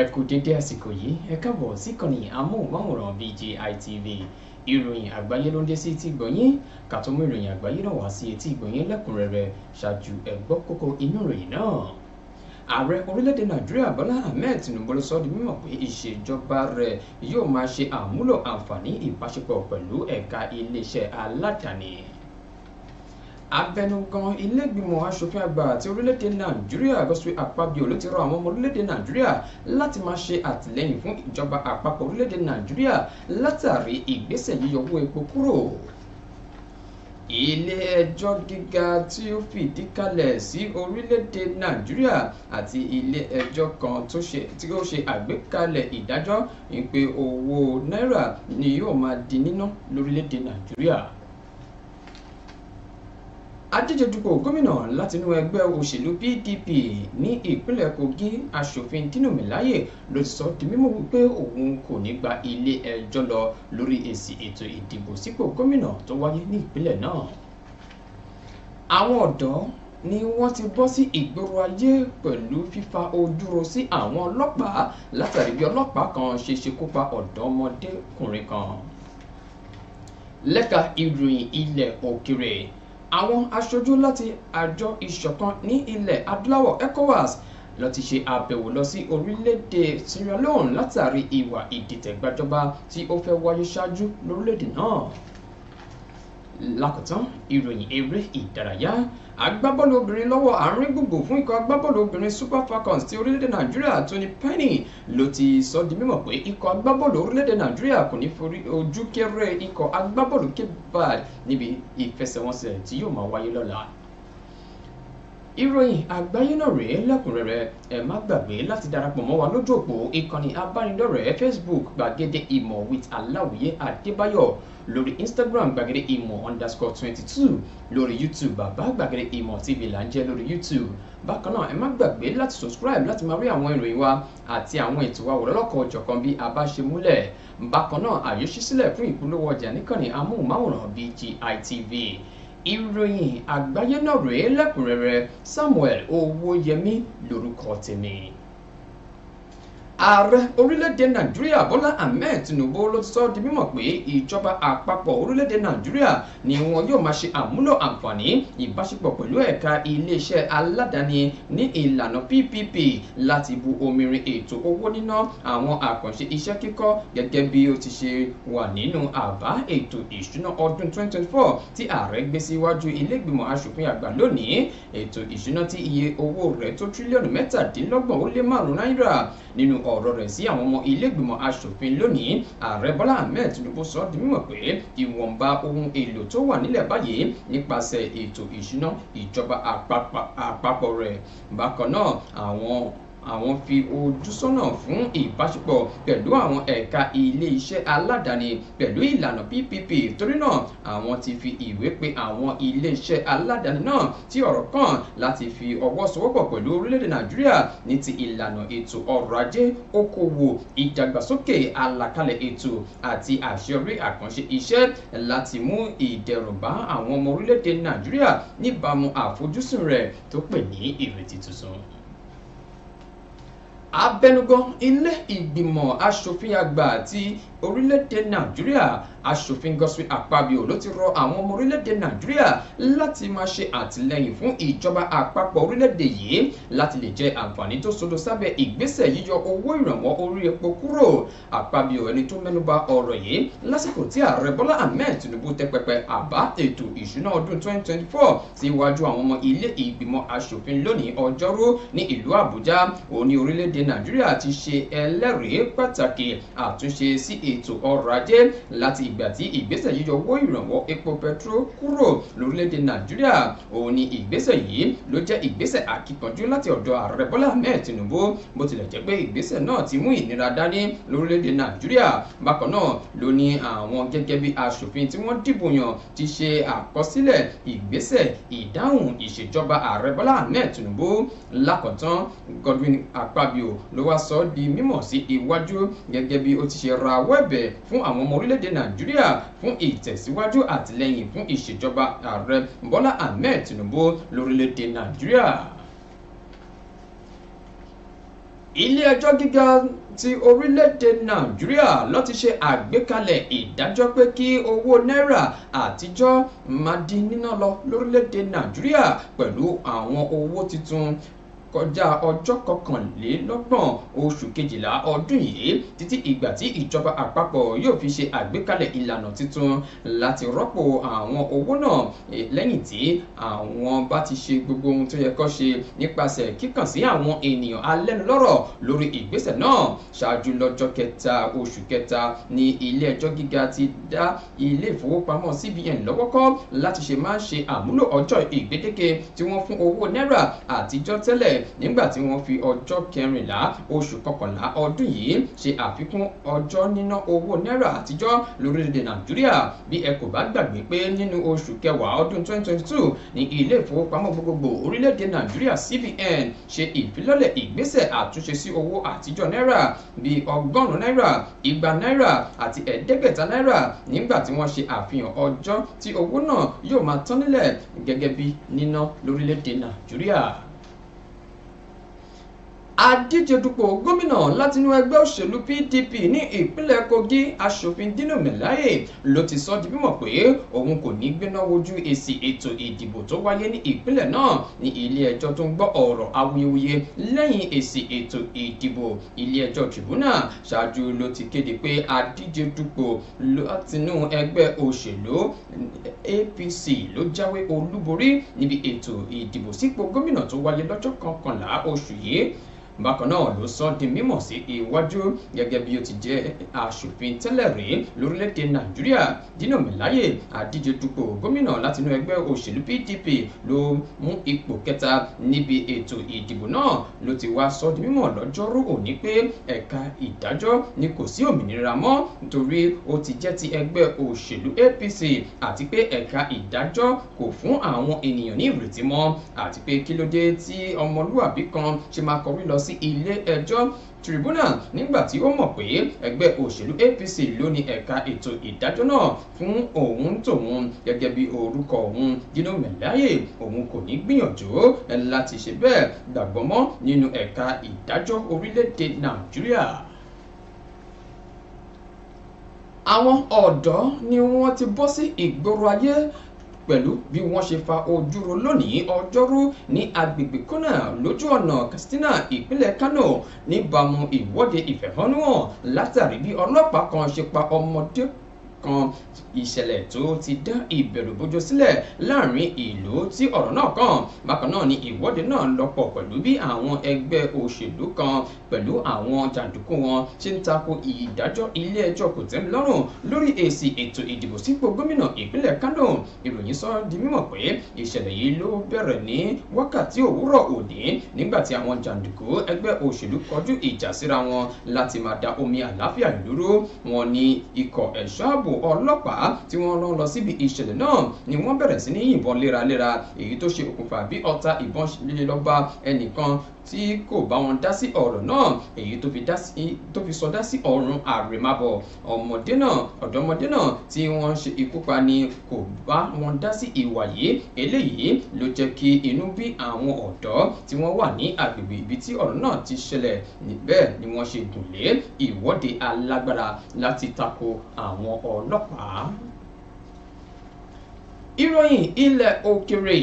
ẹ kú dédé àsìkò yìí ẹ káàbọ̀ síkànnì amóhùnmáwòrán BGI TV ìròyìn àgbáyé ló ń dé sí etí ìgbọ̀nyín kàtó mú ìròyìn àgbáyé náà wá sí etí ìgbọ̀nyín lẹ́kùnrẹ́rẹ́ ṣáájú ẹ̀gbọ́ kókó inú ìròyìn náà ààrẹ orílẹ̀-èdè nàìjíríà bọ́lá ahmed tinubu ló sọ di mímọ̀ pé ìṣèjọba rẹ̀ yóò máa ṣe àmúlò àǹfààní ìbáṣepọ̀ pẹ̀lú ẹ̀ka iléeṣẹ́ aládàáni abẹnugan ilégbìmọ̀ asòfin àgbà ti orílẹ̀-èdè nàìjíríà Godswill Akpabio ló ti rọ àwọn ọmọ orílẹ̀-èdè nàìjíríà láti máa ṣe àtìlẹ́yìn fún ìjọba àpapọ̀ orílẹ̀-èdè nàìjíríà látàrí ìgbésẹ̀ yíyọ owó epo kúrò ilé ẹjọ́ gíga tí ó fìdí kalẹ̀ sí orílẹ̀-èdè nàìjíríà àti ilé ẹjọ́ kan tí ó ṣe àgbékalẹ̀ ìdájọ́ ìpè owó náírà ni yóò máa di níná lórílẹ̀-èdè nàìjíríà adíjedupò gómìnà látinú ẹgbẹ́ òṣèlú PDP ní ìpínlẹ̀ Kogi aṣòfin Dino Melaye ló ti sọ di mímọ̀ wípé òun kò ní gba ilé ẹjọ́ lọ lórí èsì ètò ìdìbò sípò gómìnà tó wáyé ní ìpínlẹ̀ náà àwọn ọ̀dọ́ ni wọ́n ti bọ́ sí ìgboro ayé pẹ̀lú fífa ojúro sí àwọn ọlọ́pàá látàrí bí ọlọ́pàá kan ṣe ṣekú pa ọ̀dọ́mọdékùnrin kan lẹ́ka ìròyìn ilẹ̀ òkèrè àwọn aṣojú láti àjọ ìṣọ̀kan ní ilẹ̀ adúláwọ̀ ECOWAS ló ti ṣe àbẹ̀wò lọ sí orílẹ̀-èdè Sierra Leone látàrí ìwà ìdìtẹ̀gbàjọba tí ó fẹ́ wáyé ṣáájú lórílẹ̀-èdè náà lákòótán ìròyìn eré ìdárayá agbábọ́ọ̀lù obìnrin lọ́wọ́ àárín gbogbo fún ikọ̀ agbábọ́ọ̀lù obìnrin super falcons ti orílẹ̀-èdè nàìjíríà Tony Penny ló ti sọ di mímọ̀ pé ikọ̀ agbábọ́ọ̀lù orílẹ̀-èdè nàìjíríà kò ní forí ojú kéré ikọ̀ agbábọ́ọ̀lù Cape Verde níbi ìfẹsẹ̀wọnsẹ̀ tí yóò máa wáyé lọ́la ìròyìn àgbáyé náà rèé lẹ́kùnrẹ́rẹ́ ẹ má gbàgbé láti darapọ̀ mọ́ wa lójú òpó ìkànnì abánidọ́rẹ̀ẹ́ facebook gbàgede ìmọ̀ with aláwìyé adébáyọ̀ lórí instagram gbàgede ìmọ̀ underscore twenty two lórí youtube bàbá gbàgede ìmọ̀ tv là ń jẹ́ lórí youtube bákan náà ẹ má gbàgbé láti subscribe láti máa rí àwọn ìròyìn wa àti àwọn ètò wa wòlọ́lọ́kọ̀ ọ̀jọ̀kan bí a bá ṣe múlẹ̀ bákan náà àyè ṣí sílẹ̀ fún ìpolówó ọjà níkànnì amóhùnmáwòrán BGI TV ìròyìn àgbáyé náà rèé lẹ́kùnrẹ́rẹ́ Samuel Owóyẹmí lórúkọ tèmi ààrẹ orílẹ̀-èdè nàìjíríà bọ́lá ahmed tinubu ló sọ di mímọ̀ pé ìjọba àpapọ̀ orílẹ̀-èdè nàìjíríà ni wọn yóò máa ṣe àmúlò àǹfààní ìbáṣepọ̀ pẹ̀lú ẹ̀ka iléeṣẹ́ aládàáni ní ìlànà ppp láti bu omirin ètò owó níná àwọn àkànṣe iṣẹ́ kíkọ́ gẹ́gẹ́ bí ó ti ṣe wà nínú àbá ètò ìṣúná ọdún 2024 tí ààrẹ gbé síwájú ilégbìmọ̀ asòfin àgbà lónìí ètò ìṣúná tí iye owó rẹ̀ tó tírílíọ̀nù mẹ́tàdínlọ́gbọ̀n ó lé márùn-ún ọ̀rọ̀ rẹ̀ sí àwọn ọmọ ilégbìmọ̀ asòfin lónìí ààrẹ bọ́lá ahmed tinubu sọ di mímọ̀ pé ìwọ̀nba ohun èlò tó wà nílẹ̀ báyìí nípasẹ̀ ètò ìṣúná ìjọba àpapọ̀ rẹ̀ bákan náà àwọn àwọn fi ojúsọ́nà fún ìbáṣepọ̀ pẹ̀lú àwọn ẹ̀ka ilé-iṣẹ́ aládàáni pẹ̀lú ìlànà PPP torí náà àwọn ti fi ìwé pe àwọn ilé-iṣẹ́ aládàáni náà tí ọ̀rọ̀ kàn láti fi ọwọ́ sowọ́pọ̀ pẹ̀lú orílẹ̀-èdè Nàìjíríà ní ti ìlànà ètò ọrọ̀ ajé okòwò ìdàgbàsókè àlàkalẹ̀ ètò àti àṣeyọrí àkànṣe iṣẹ́ láti mú ìdẹ̀rùn bá àwọn ọmọ orílẹ̀-èdè Nàìjíríà níbàámu àfojúsùn rẹ̀ tó pè ní ìrètí tuntun abẹnugan ilé ìgbìmọ̀ asòfin àgbà ti orílẹ̀-èdè nàìjíríà asòfin Godswill Akpabio ló ti rọ àwọn ọmọ orílẹ̀-èdè nàìjíríà láti máa ṣe àtìlẹyìn fún ìjọba àpapọ̀ orílẹ̀-èdè yìí láti lè jẹ àǹfààní tó sodo sábẹ́ ìgbésẹ̀ yíyọ owó ìrànwọ́ orí epo kúrò Akpabio ẹni tó mẹ́nuba ọ̀rọ̀ yìí lásìkò tí ààrẹ bọ́lá ahmed tinubu tẹ pẹpẹ àbá ètò ìṣúná ọdún 2024 síwájú àwọn ọmọ ilé ìgbìmọ̀ asòfin lónìí ọjọ́rú ní ìlú àbújá òní orílẹ̀-èdè orílẹ̀-èdè nàìjíríà ti ṣe ẹlẹ́rìí pàtàkì àtúnṣe sí ètò ọrọ̀ ajé láti ìgbà tí ìgbésẹ̀ yíyọ owó ìrànwọ́ epo petro kúrò lórílẹ̀-èdè nàìjíríà òun ni ìgbésẹ̀ yìí ló jẹ́ ìgbésẹ̀ àkíkanjú láti ọ̀dọ̀ ààrẹ bọ́lá ahmed tinubu bó tilẹ̀ jẹ́ pé ìgbésẹ̀ náà ti mú ìnira dání lórílẹ̀-èdè nàìjíríà bákan náà ló ní àwọn gẹ́gẹ́ bí aṣòfin tí wọ́n dìbò yàn ti ṣe àkọsílẹ̀ ìgbésẹ̀ ìdáhùn ìṣèjọba ààrẹ bọ́lá ahmed tinubu lákọ̀tán godwin akpabio ló wá sọ di mímọ̀ sí iwájú gẹ́gẹ́ bí ó ti ṣe ra wẹ́ẹ̀bẹ̀ fún àwọn ọmọ orílẹ̀-èdè nàìjíríà fún ìtẹ̀síwájú àtìlẹ́yìn fún ìṣèjọba ààrẹ bọ́lá ahmed tinubu lórílẹ̀-èdè nàìjíríà ilé ẹjọ́ gíga ti orílẹ̀-èdè nàìjíríà ló ti ṣe àgbékalẹ̀ ìdájọ́ pé kí owó náírà àtijọ́ máa di níná lọ lórílẹ̀-èdè nàìjíríà pẹ̀lú àwọn owó tuntun kọjá ọjọ́ kọkànlélọ́gbọ̀n oṣù kejìlá ọdún yìí títí ìgbà tí ìjọba àpapọ̀ yóò fi ṣe àgbékalẹ̀ ìlànà tuntun láti rọ́pò àwọn owó náà e, lẹ́yìn tí àwọn bá ti ṣe gbogbo ohun tó yẹ kó ṣe nípasẹ̀ kíkàn sí àwọn ènìyàn alẹ́nulọ́rọ̀ lórí ìgbésẹ̀ náà ṣáájú lọ́jọ́ kẹta oṣù kẹta ní ilé ẹjọ́ gíga ti dá ilé ìfowópamọ́ CBN lọ́wọ́ kọ́ láti ṣe máa ṣe àmúlò ọjọ́ ìgbédeke tí wọ́n fún owó náírà àtijọ́ tẹ́lẹ̀ nígbà tí wọ́n fi ọjọ́ kẹrìnlá oṣù kọkànlá ọdún yìí ṣe àfikún ọjọ́ níná owó náírà àtijọ́ lórílẹ̀‐èdè nàìjíríà bí ẹ kò bá gbàgbé pé nínú oṣù kẹwàá ọdún 2022 ní ilé ìfowópamọ́ gbogbogbò orílẹ̀‐èdè nàìjíríà cbn ṣe ìfilọ́lẹ̀ ìgbésẹ̀ àtúnṣe sí owó àtijọ́ náírà bíi ọgọ́rùn-ún náírà igba náírà àti ẹ̀ẹ́dẹ́gbẹ̀ta náírà nígbà tí wọ́n ṣe àfihàn ọjọ́ tí owó náà yóò máa tán nílẹ̀ gẹ́gẹ́ bí níná lórílẹ̀‐èdè nàìjíríà adíje dupò gómìnà látinú ẹgbẹ́ òṣèlú PDP ní ìpínlẹ̀ Kogi aṣòfin Dino Melaye ló ti sọ di mímọ̀ pé òun kò ní gbéná wojú èsì ètò ìdìbò tó wáyé ní ìpínlẹ̀ náà ní ilé ẹjọ́ tó ń gbọ́ ọ̀rọ̀ awuyewuye lẹ́yìn èsì ètò ìdìbò ilé ẹjọ́ tribunal ṣáájú ló ti kéde pé adíje dupò látinú ẹgbẹ́ òṣèlú APC ló jáwé olúborí níbi ètò ìdìbò sípò gómìnà tó wáyé lọ́jọ́ kọkànlá oṣù yìí bákan náà ló sọ di mímọ̀ sí iwájú gẹ́gẹ́ bí ó ti jẹ́ aṣòfin tẹ́lẹ̀ rí lórílẹ̀‐èdè nàìjíríà dino melaye àdíje dupò gómìnà látinú ẹgbẹ́ òṣèlú pdp ló mú ipò kẹta níbi ètò ìdìbò náà ló ti wá sọ di mímọ̀ lọ́jọ́rú òní pé ẹ̀ka ìdájọ́ ni kò sí òmìnira mọ́ nítorí ó ti jẹ́ ti ẹgbẹ́ òṣèlú apc àti pé ẹ̀ka ìdájọ́ kò fún àwọn ènìyàn ní ìrètí mọ́ àti pé kí ló dé tí ọmọlúwàbí kan ṣe máa kọrí lọ sí sí ilé ẹjọ́ tribunal nígbà tí ó mọ̀ pé ẹgbẹ́ òṣèlú APC ló ní ẹ̀ka ètò ìdájọ́ náà fún òun tòun gẹ́gẹ́ bí orúkọ òun Dino Melaye òun kò ní gbìyànjú láti ṣe bẹ́ẹ̀ gbàgbọ́ mọ́ nínú ẹ̀ka ìdájọ́ orílẹ̀-èdè Nàìjíríà àwọn ọ̀dọ́ ni wọ́n ti bọ́ sí ìgboro ayé pẹ̀lú bí wọ́n ṣe fa ojúro lónìí ọjọ́rú ní agbègbè kọ́nà lójú ọ̀nà Katsina ìpínlẹ̀ Kano níbàámu ìwọ́de ìfẹ̀hónúhàn látàrí bí ọlọ́pàá kan ṣe pa ọmọdé kan ìṣẹ̀lẹ̀ tó ti dá ìbẹ̀rù bójú sílẹ̀ láàrin ìlú tí ọ̀rọ̀ náà kàn bákan náà ni ìwọ́de náà lọ́pọ̀ pẹ̀lú bí àwọn ẹgbẹ́ òṣèlú kan pẹ̀lú àwọn jàǹdùkú wọn ṣe ń tako ìdájọ́ ilé ẹjọ́ kòtẹ́milọ́rùn lórí èsì ètò ìdìbò sípò gómìnà ìpínlẹ̀ Kánò ìròyìn sọ di mímọ̀ pé ìṣẹ̀lẹ̀ yìí ló bẹ̀rẹ̀ ní wákàtí òwúrọ̀ òní nígbà tí àwọn jàǹdùkú ẹgbẹ́ òṣèlú kọjú ìjà síra wọn láti máa da omi àlàáfíà dúró wọn ni ikọ̀ ẹ̀ṣọ́ ààbò àtakò ọlọ́pàá tí wọ́n lọ lọ síbi ìṣẹ̀lẹ̀ náà ni wọ́n bẹ̀rẹ̀ sí ní yìnbọn léraléra èyí tó ṣe okùnfà bí ọta ìbọn ṣe lọ bá ẹnìkan tí kò bá wọn dá sí ọ̀rọ̀ náà èyí tó fi sọdá sí ọ̀run àrèmábọ̀ ọmọdé náà ọ̀dọ́mọdé náà tí wọ́n ṣe ikú pa ni kò bá wọn dá sí ìwà yìí eléyìí ló jẹ́ kí inú bí àwọn ọ̀dọ́ tí wọ́n wà ní agbègbè ibi tí ọ̀rọ̀ náà ti ṣẹlẹ̀ níbẹ̀ ni wọ́n ṣe gùn lé ìwọ́de alágbára láti tako àwọn ọlọ́pàá ìròyìn ilẹ̀ òkèrè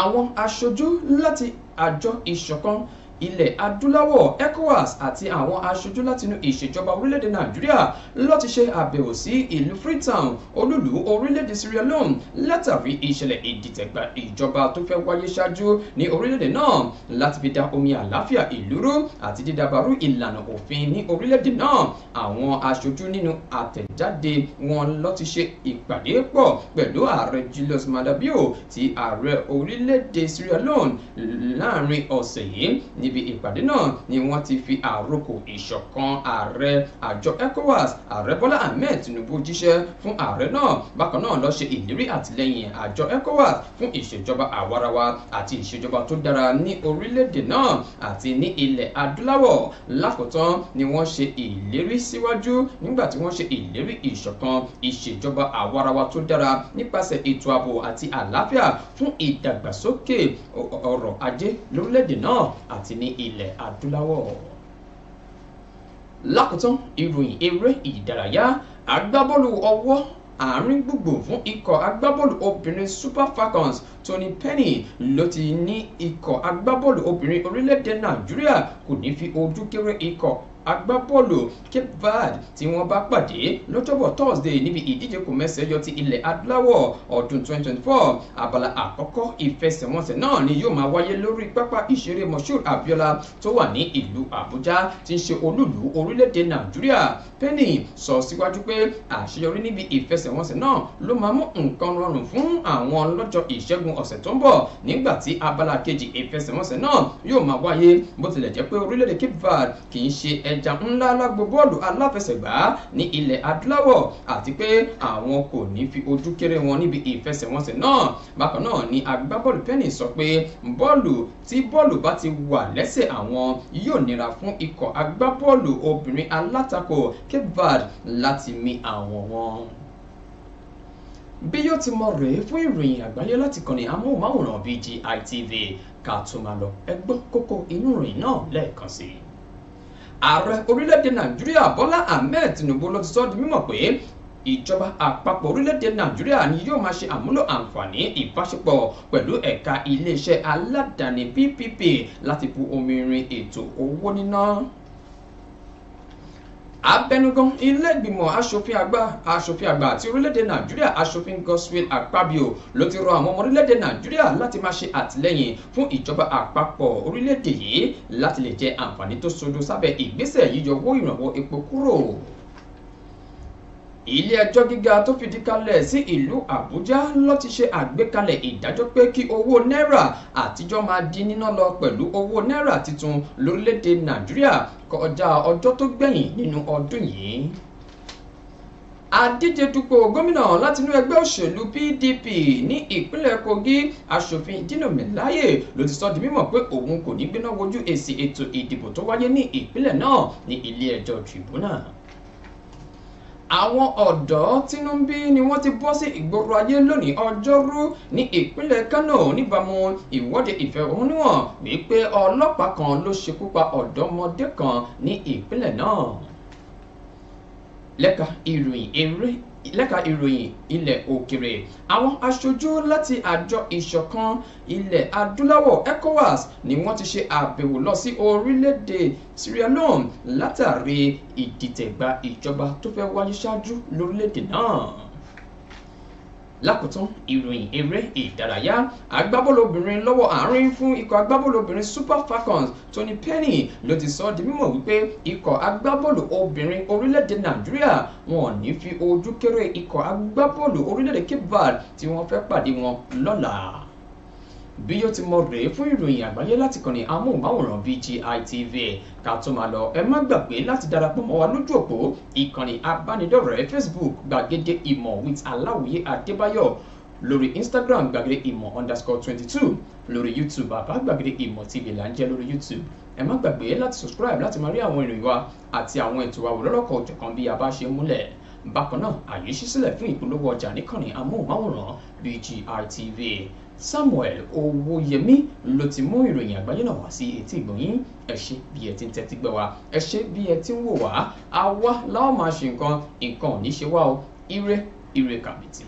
àwọn aṣojú láti àjọ ìṣọ̀kan ilẹ̀ adúláwọ̀ ecowas àti àwọn aṣojú látinú ìṣèjọba orílẹ̀-èdè nàìjíríà ló ti ṣe àbẹ̀wò sí ìlú freetown olúlu orílẹ̀-èdè sierra leone látàrí ìṣẹ̀lẹ̀ ìdìtẹ̀gbà ìjọba tó fẹ́ wáyé ṣáájú ní orílẹ̀-èdè náà láti fi da omi àlàáfíà ìlú rú àti dídàbarú ìlànà òfin ní orílẹ̀-èdè náà àwọn aṣojú nínú àtẹ̀jáde wọn ló ti ṣe ìpàdé pọ̀ pẹ̀lú ààrẹ julius madabio ti ààrẹ orílẹ̀-èdè sierra leone láàrin ọ̀sẹ̀ yìí níbi ìpàdé náà ni wọ́n ti fi àròkò ìṣọ̀kan ààrẹ àjọ ECOWAS ààrẹ Bọ́lá Ahmed Tinubu jíṣẹ́ fún ààrẹ náà bákan náà lọ ṣe ìlérí àtìlẹ́yìn àjọ ECOWAS fún ìṣèjọba àwarawa àti ìṣèjọba tó dára ní orílẹ̀-èdè náà àti ní ilẹ̀ adúláwọ̀ lákòótán ni wọ́n ṣe ìlérí síwájú nígbà tí wọ́n ṣe ìlérí ìṣọ̀kan ìṣèjọba àwarawa tó dára nípasẹ̀ ètò ààbò àti àlàáfíà fún ìdàgbàsókè ọrọ̀ ajé lórílẹ̀-èdè náà àti n ní ilẹ̀ adúláwọ̀ lákòótán ìròyìn eré ìdárayá agbábọ́ọ̀lù ọwọ́ àárín gbùngbùn fún ikọ̀ agbábọ́ọ̀lù obìnrin Super Falcons Tony Penny ló ti ní ikọ̀ agbábọ́ọ̀lù obìnrin orílẹ̀-èdè Nàìjíríà kò ní fi ojú kéré ikọ̀ agbábọ́ọ̀lù Cape Verde tí wọ́n bá pàdé lọ́jọ́bọ̀ Thursday níbi ìdíje kò mẹ́sẹ̀ẹ́yọ ti ilẹ̀ adúláwọ̀ ọdún 2024 abala àkọ́kọ́ ìfẹsẹ̀wọnsẹ̀ náà ni yóò máa wáyé lórí pápá ìṣeré Moshood Abiola tó wà ní ìlú Àbújá tí ń ṣe olúìlú orílẹ̀-èdè Nàìjíríà Penny sọ síwájú pé àṣeyọrí níbi ìfẹsẹ̀wọnsẹ̀ náà ló máa mú nǹkan rọrùn fún àwọn lọ́jọ́ ìṣẹ́gun ọ̀sẹ̀ abala kejì ìfẹsẹ̀wọnsẹ̀ náà yóò máa wáyé bó tilẹ̀ jẹ́ pé Cape Verde kì ẹja ńlá lágbo bọ́ọ̀lù aláfẹsẹ̀gbá ní ilẹ̀ adúláwọ̀ àti pé àwọn kò ní fi ojú kéré wọn níbi ìfẹsẹ̀wọnsẹ̀ náà bákan náà ni agbábọ́ọ̀lù pẹ́ẹ́nì sọ pé bọ́ọ̀lù tí bọ́ọ̀lù bá ti wà lẹ́sẹ̀ àwọn yóò nira fún ikọ̀ agbábọ́ọ̀lù obìnrin alátakò Cape Verde láti mi àwọn wọn bí yóò ti mọ rèé fún ìròyìn àgbáyé láti kànnì amóhùnmáwòrán BGI TV ká tó máa lọ ẹ kókó inú ìròyìn náà lẹ́ẹ̀kan sí i ààrẹ orílẹ̀-èdè nàìjíríà bọ́lá ahmed tinubu ló ti sọ di mímọ̀ pé ìjọba àpapọ̀ orílẹ̀-èdè nàìjíríà ni yóò máa ṣe àmúlò àǹfààní ìbáṣepọ̀ pẹ̀lú ẹ̀ka iléeṣẹ́ aládàáni ppp láti bu omi rin ètò owó níná abẹnugan ilé ìgbìmọ̀ asòfin àgbà asòfin àgbà àti orílẹ̀-èdè nàìjíríà asòfin Godswill Akpabio ló ti rọ àwọn ọmọ orílẹ̀-èdè nàìjíríà láti máa ṣe àtìlẹ́yìn fún ìjọba àpapọ̀ orílẹ̀-èdè yìí láti lè jẹ àǹfààní tó sojú sábẹ́ ìgbésẹ̀ yíyọ owó ìrànwọ́ epo kúrò ilé ẹjọ́ gíga tó fìdí kalẹ̀ sí ìlú àbújá ló ti ṣe àgbékalẹ̀ ìdájọ́ pé kí owó náírà àtijọ́ máa di níná lọ pẹ̀lú owó náírà tuntun lórílẹ̀‐èdè nàìjíríà kọjá ọjọ́ tó gbẹ̀yìn nínú ọdún yìí adíje dupò gómìnà látinú ẹgbẹ́ òṣèlú PDP ní ìpínlẹ̀ Kogi aṣòfin Dino Melaye ló ti sọ di mímọ̀ pé òun kò ní gbéná wojú èsì ètò ìdìbò tó wáyé ní ìpínlẹ̀ náà ní ilé ẹjọ́ tribunal àwọn ọ̀dọ́ tínú ni wọ́n ti bọ́ sí ìgboro ayé lónìí ọjọ́rú ní ìpínlẹ̀ Kano níbàámu ìwọ́de ìfẹ̀hónúhàn wípé ọlọ́pàá kan ló ṣekú pa ọ̀dọ́mọdé kan ní ìpínlẹ̀ náà lẹ́ka ìròyìn eré lẹ́ka ìròyìn ilẹ̀ òkèrè àwọn aṣojú láti àjọ ìṣọ̀kan ilẹ̀ adúláwọ̀ ECOWAS ni wọ́n ti ṣe àbẹ̀wò lọ sí orílẹ̀-èdè Sierra Leone látàrí ìdìtẹ̀gbà ìjọba tó fẹ́ wáyé ṣáájú lórílẹ̀-èdè náà lákòótán ìròyìn eré ìdárayá agbábọ́lọ́bìnrin lọ́wọ́ àárín fún ikọ̀ agbábọ́lọ́bìnrin super falcons tony penny ló ti sọ ọ́ di mímọ̀ wípé ikọ̀ agbábọ́ọ̀lù obìnrin orílẹ̀-èdè nàìjíríà wọn ò ní fi ojú kéré ikọ̀ agbábọ́ọ̀lù orílẹ̀-èdè cape verde tí wọ́n fẹ́ pàdé wọn lọ́la bí yóò ti mọ rèé fún ìròyìn àgbáyé láti kàn ní amóhùnmáwòrán BGI TV ká tó máa lọ ẹ má gbàgbé láti darapọ̀ mọ́ wa lójú òpó ìkànnì abánidọ́rẹ̀ẹ́ Facebook gbàgede ìmọ̀ with aláwòye adébáyọ̀ lórí Instagram gbàgede ìmọ̀ underscore twenty two lórí YouTube bàbá gbàgede ìmọ̀ TV là lórí YouTube ẹ má gbàgbé láti subscribe láti máa rí àwọn ìròyìn wa àti àwọn ètò àwòrán-lọ́kọ̀ ọ̀jọ̀kan bí a bá ṣe múlẹ̀ bákan náà àyè ṣí sílẹ̀ fún ìpolówó ọjà níkànnì amóhùnmáwòrán BGI TV Samuel Owóyẹmí ló ti mú ìròyìn àgbáyé náà wá sí etí ìgbọ̀nyín ẹ ṣé bí ẹ ti ń tẹ́tí gbọ́ wa ẹ ṣé bí ẹ ti ń wò wá àwa la máa ṣe nǹkan nǹkan ò ní ṣe wá o ire ire kàbìtì.